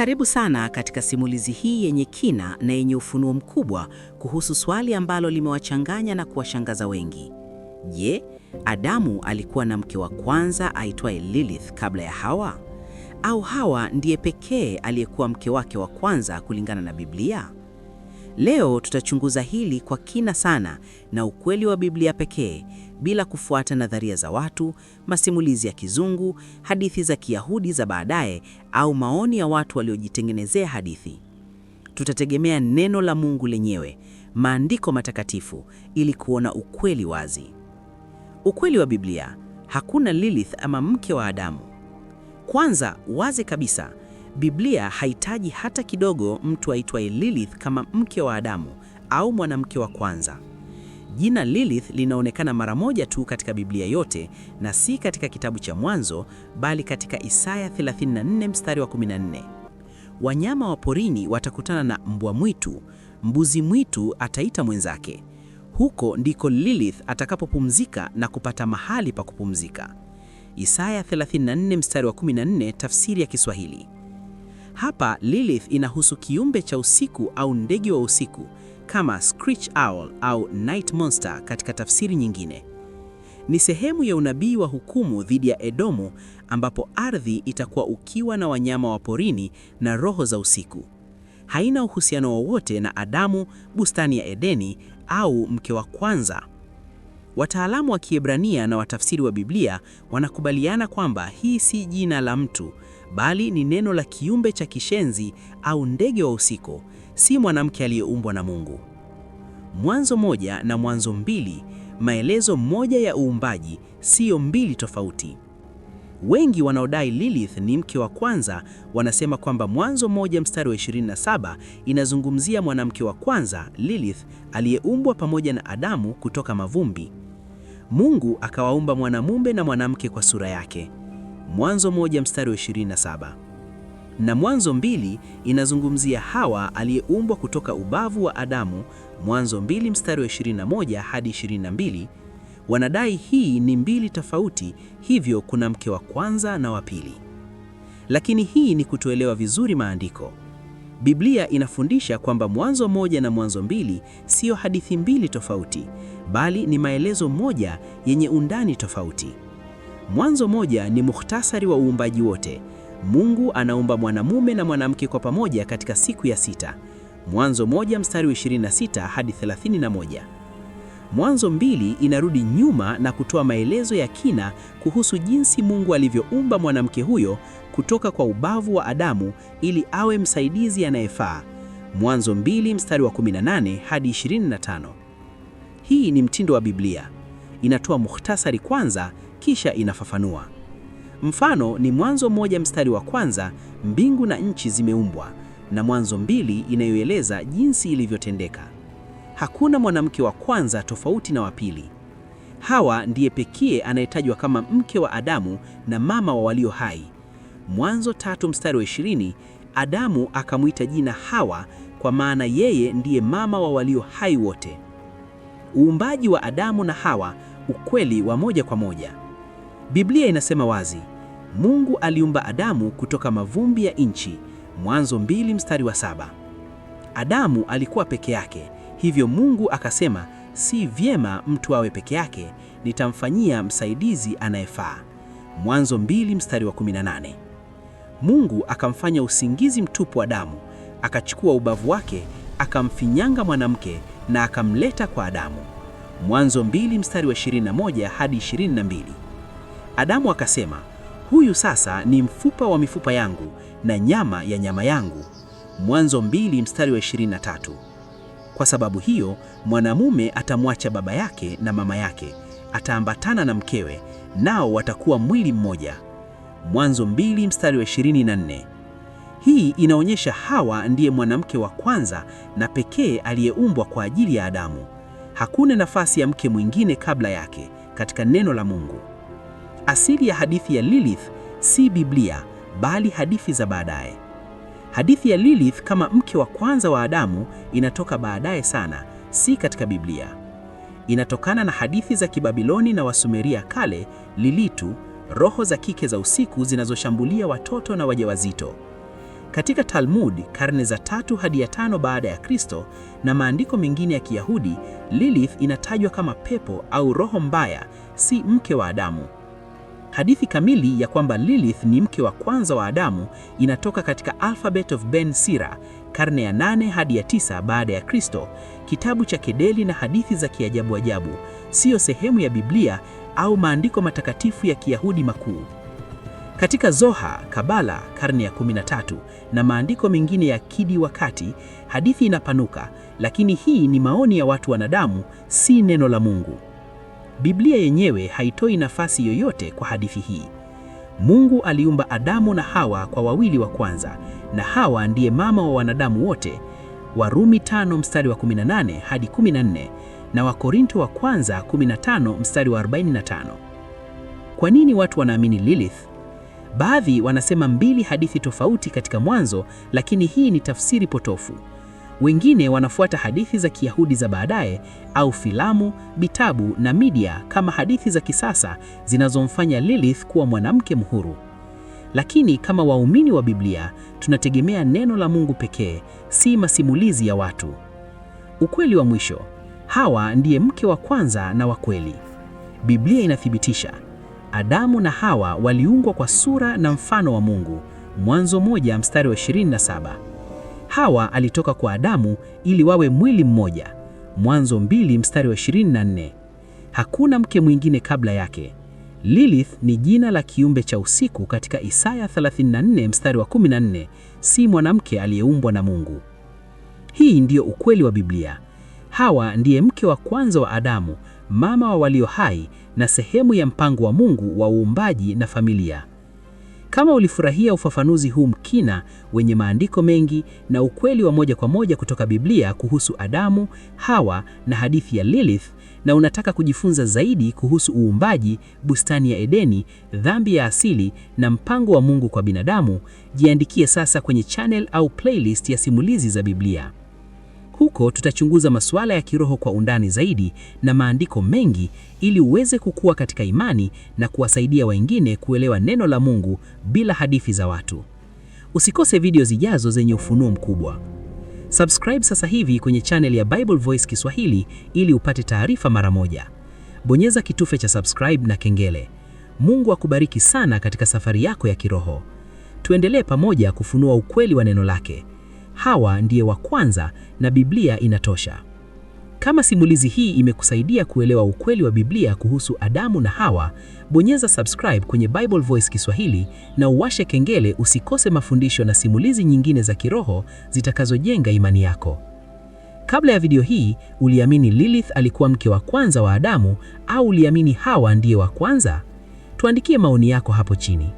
Karibu sana katika simulizi hii yenye kina na yenye ufunuo mkubwa kuhusu swali ambalo limewachanganya na kuwashangaza wengi. Je, Adamu alikuwa na mke wa kwanza aitwaye Lilith kabla ya Hawa? Au Hawa ndiye pekee aliyekuwa mke wake wa kwanza kulingana na Biblia? Leo tutachunguza hili kwa kina sana na ukweli wa Biblia pekee bila kufuata nadharia za watu, masimulizi ya kizungu, hadithi za Kiyahudi za baadaye au maoni ya watu waliojitengenezea hadithi. Tutategemea neno la Mungu lenyewe, maandiko matakatifu ili kuona ukweli wazi. Ukweli wa Biblia, hakuna Lilith ama mke wa Adamu. Kwanza, wazi kabisa, Biblia haitaji hata kidogo mtu aitwaye Lilith kama mke wa Adamu au mwanamke wa kwanza. Jina Lilith linaonekana mara moja tu katika Biblia yote na si katika kitabu cha Mwanzo bali katika Isaya 34 mstari wa 14. Wanyama wa porini watakutana na mbwa mwitu, mbuzi mwitu ataita mwenzake. Huko ndiko Lilith atakapopumzika na kupata mahali pa kupumzika. Isaya 34 mstari wa 14, tafsiri ya Kiswahili. Hapa Lilith inahusu kiumbe cha usiku au ndege wa usiku kama Screech Owl au Night Monster katika tafsiri nyingine. Ni sehemu ya unabii wa hukumu dhidi ya Edomu ambapo ardhi itakuwa ukiwa na wanyama wa porini na roho za usiku. Haina uhusiano wowote na Adamu, bustani ya Edeni au mke wa kwanza. Wataalamu wa Kiebrania na watafsiri wa Biblia wanakubaliana kwamba hii si jina la mtu, bali ni neno la kiumbe cha kishenzi au ndege wa usiku, si mwanamke aliyeumbwa na Mungu. Mwanzo moja na Mwanzo mbili, maelezo moja ya uumbaji, siyo mbili tofauti. Wengi wanaodai Lilith ni mke wa kwanza wanasema kwamba Mwanzo moja mstari wa 27 inazungumzia mwanamke wa kwanza Lilith aliyeumbwa pamoja na Adamu kutoka mavumbi. Mungu akawaumba mwanamume na mwanamke kwa sura yake. Mwanzo moja mstari wa 27 na Mwanzo mbili inazungumzia Hawa aliyeumbwa kutoka ubavu wa Adamu, Mwanzo mbili mstari wa 21 hadi 22. Wanadai hii ni mbili tofauti, hivyo kuna mke wa kwanza na wa pili. Lakini hii ni kutoelewa vizuri maandiko. Biblia inafundisha kwamba Mwanzo moja na Mwanzo mbili siyo hadithi mbili tofauti, bali ni maelezo moja yenye undani tofauti. Mwanzo moja ni muhtasari wa uumbaji wote Mungu anaumba mwanamume na mwanamke kwa pamoja katika siku ya sita. Mwanzo moja mstari wa 26 hadi 31. Mwanzo mbili inarudi nyuma na kutoa maelezo ya kina kuhusu jinsi Mungu alivyoumba mwanamke huyo kutoka kwa ubavu wa Adamu ili awe msaidizi anayefaa. Mwanzo mbili mstari wa 18 hadi 25. Hii ni mtindo wa Biblia. Inatoa muhtasari kwanza kisha inafafanua. Mfano ni Mwanzo moja mstari wa kwanza, mbingu na nchi zimeumbwa, na Mwanzo mbili inayoeleza jinsi ilivyotendeka. Hakuna mwanamke wa kwanza tofauti na wa pili. Hawa ndiye pekee anayetajwa kama mke wa Adamu na mama wa walio hai. Mwanzo tatu mstari wa ishirini, Adamu akamwita jina Hawa kwa maana yeye ndiye mama wa walio hai wote. Uumbaji wa Adamu na Hawa, ukweli wa moja kwa moja. Biblia inasema wazi, Mungu aliumba Adamu kutoka mavumbi ya nchi, Mwanzo mbili mstari wa saba. Adamu alikuwa peke yake, hivyo Mungu akasema, si vyema mtu awe peke yake, nitamfanyia msaidizi anayefaa. Mwanzo mbili mstari wa 18. Mungu akamfanya usingizi mtupu Adamu, akachukua ubavu wake, akamfinyanga mwanamke na akamleta kwa Adamu. Mwanzo mbili mstari wa 21 hadi 22. Adamu akasema, huyu sasa ni mfupa wa mifupa yangu na nyama ya nyama yangu. Mwanzo mbili mstari wa tatu. Kwa sababu hiyo mwanamume atamwacha baba yake na mama yake, ataambatana na mkewe, nao watakuwa mwili mmoja. Mwanzo mbili mstari wa nne. Hii inaonyesha Hawa ndiye mwanamke wa kwanza na pekee aliyeumbwa kwa ajili ya Adamu. Hakuna nafasi ya mke mwingine kabla yake katika neno la Mungu. Asili ya hadithi ya Lilith si Biblia bali hadithi za baadaye. Hadithi ya Lilith kama mke wa kwanza wa Adamu inatoka baadaye sana, si katika Biblia. Inatokana na hadithi za Kibabiloni na Wasumeria kale, Lilitu, roho za kike za usiku zinazoshambulia watoto na wajawazito. Katika Talmud karne za tatu hadi ya tano baada ya Kristo na maandiko mengine ya Kiyahudi, Lilith inatajwa kama pepo au roho mbaya, si mke wa Adamu. Hadithi kamili ya kwamba Lilith ni mke wa kwanza wa Adamu inatoka katika Alphabet of Ben Sira, karne ya 8 hadi ya 9 baada ya Kristo, kitabu cha kedeli na hadithi za kiajabu ajabu, siyo sehemu ya Biblia au maandiko matakatifu ya Kiyahudi makuu. Katika zoha Kabala karne ya 13 na maandiko mengine ya kidi wakati, hadithi inapanuka, lakini hii ni maoni ya watu wanadamu, si neno la Mungu. Biblia yenyewe haitoi nafasi yoyote kwa hadithi hii. Mungu aliumba Adamu na Hawa kwa wawili wa kwanza, na Hawa ndiye mama wa wanadamu wote. Warumi 5 mstari wa 18 hadi 14 na Wakorinto wa kwanza 15 mstari wa 45. Kwa nini watu wanaamini Lilith? Baadhi wanasema mbili hadithi tofauti katika Mwanzo, lakini hii ni tafsiri potofu. Wengine wanafuata hadithi za Kiyahudi za baadaye au filamu, vitabu na media kama hadithi za kisasa zinazomfanya Lilith kuwa mwanamke mhuru. Lakini kama waumini wa Biblia, tunategemea neno la Mungu pekee, si masimulizi ya watu. Ukweli wa mwisho, Hawa ndiye mke wa kwanza na wa kweli. Biblia inathibitisha Adamu na Hawa waliungwa kwa sura na mfano wa Mungu, Mwanzo moja mstari wa 27. Hawa alitoka kwa Adamu ili wawe mwili mmoja. Mwanzo mbili mstari wa 24. Hakuna mke mwingine kabla yake. Lilith ni jina la kiumbe cha usiku katika Isaya 34 mstari wa 14, si mwanamke aliyeumbwa na Mungu. Hii ndiyo ukweli wa Biblia. Hawa ndiye mke wa kwanza wa Adamu, mama wa walio hai na sehemu ya mpango wa Mungu wa uumbaji na familia. Kama ulifurahia ufafanuzi huu mkina wenye maandiko mengi na ukweli wa moja kwa moja kutoka Biblia kuhusu Adamu, Hawa na hadithi ya Lilith, na unataka kujifunza zaidi kuhusu uumbaji, bustani ya Edeni, dhambi ya asili na mpango wa Mungu kwa binadamu, jiandikie sasa kwenye channel au playlist ya simulizi za Biblia. Huko tutachunguza masuala ya kiroho kwa undani zaidi na maandiko mengi ili uweze kukua katika imani na kuwasaidia wengine kuelewa neno la Mungu bila hadithi za watu. Usikose video zijazo zenye ufunuo mkubwa. Subscribe sasa hivi kwenye channel ya Bible Voice Kiswahili ili upate taarifa mara moja. Bonyeza kitufe cha subscribe na kengele. Mungu akubariki sana katika safari yako ya kiroho. Tuendelee pamoja kufunua ukweli wa neno lake. Hawa ndiye wa kwanza na Biblia inatosha. Kama simulizi hii imekusaidia kuelewa ukweli wa Biblia kuhusu Adamu na Hawa, bonyeza subscribe kwenye Bible Voice Kiswahili na uwashe kengele usikose mafundisho na simulizi nyingine za kiroho zitakazojenga imani yako. Kabla ya video hii, uliamini Lilith alikuwa mke wa kwanza wa Adamu au uliamini Hawa ndiye wa kwanza? Tuandikie maoni yako hapo chini.